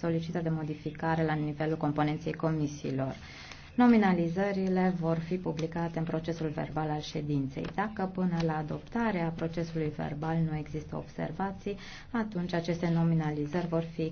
solicită de modificare la nivelul componenței comisiilor. Nominalizările vor fi publicate în procesul verbal al ședinței. Dacă până la adoptarea procesului verbal nu există observații, atunci aceste nominalizări vor fi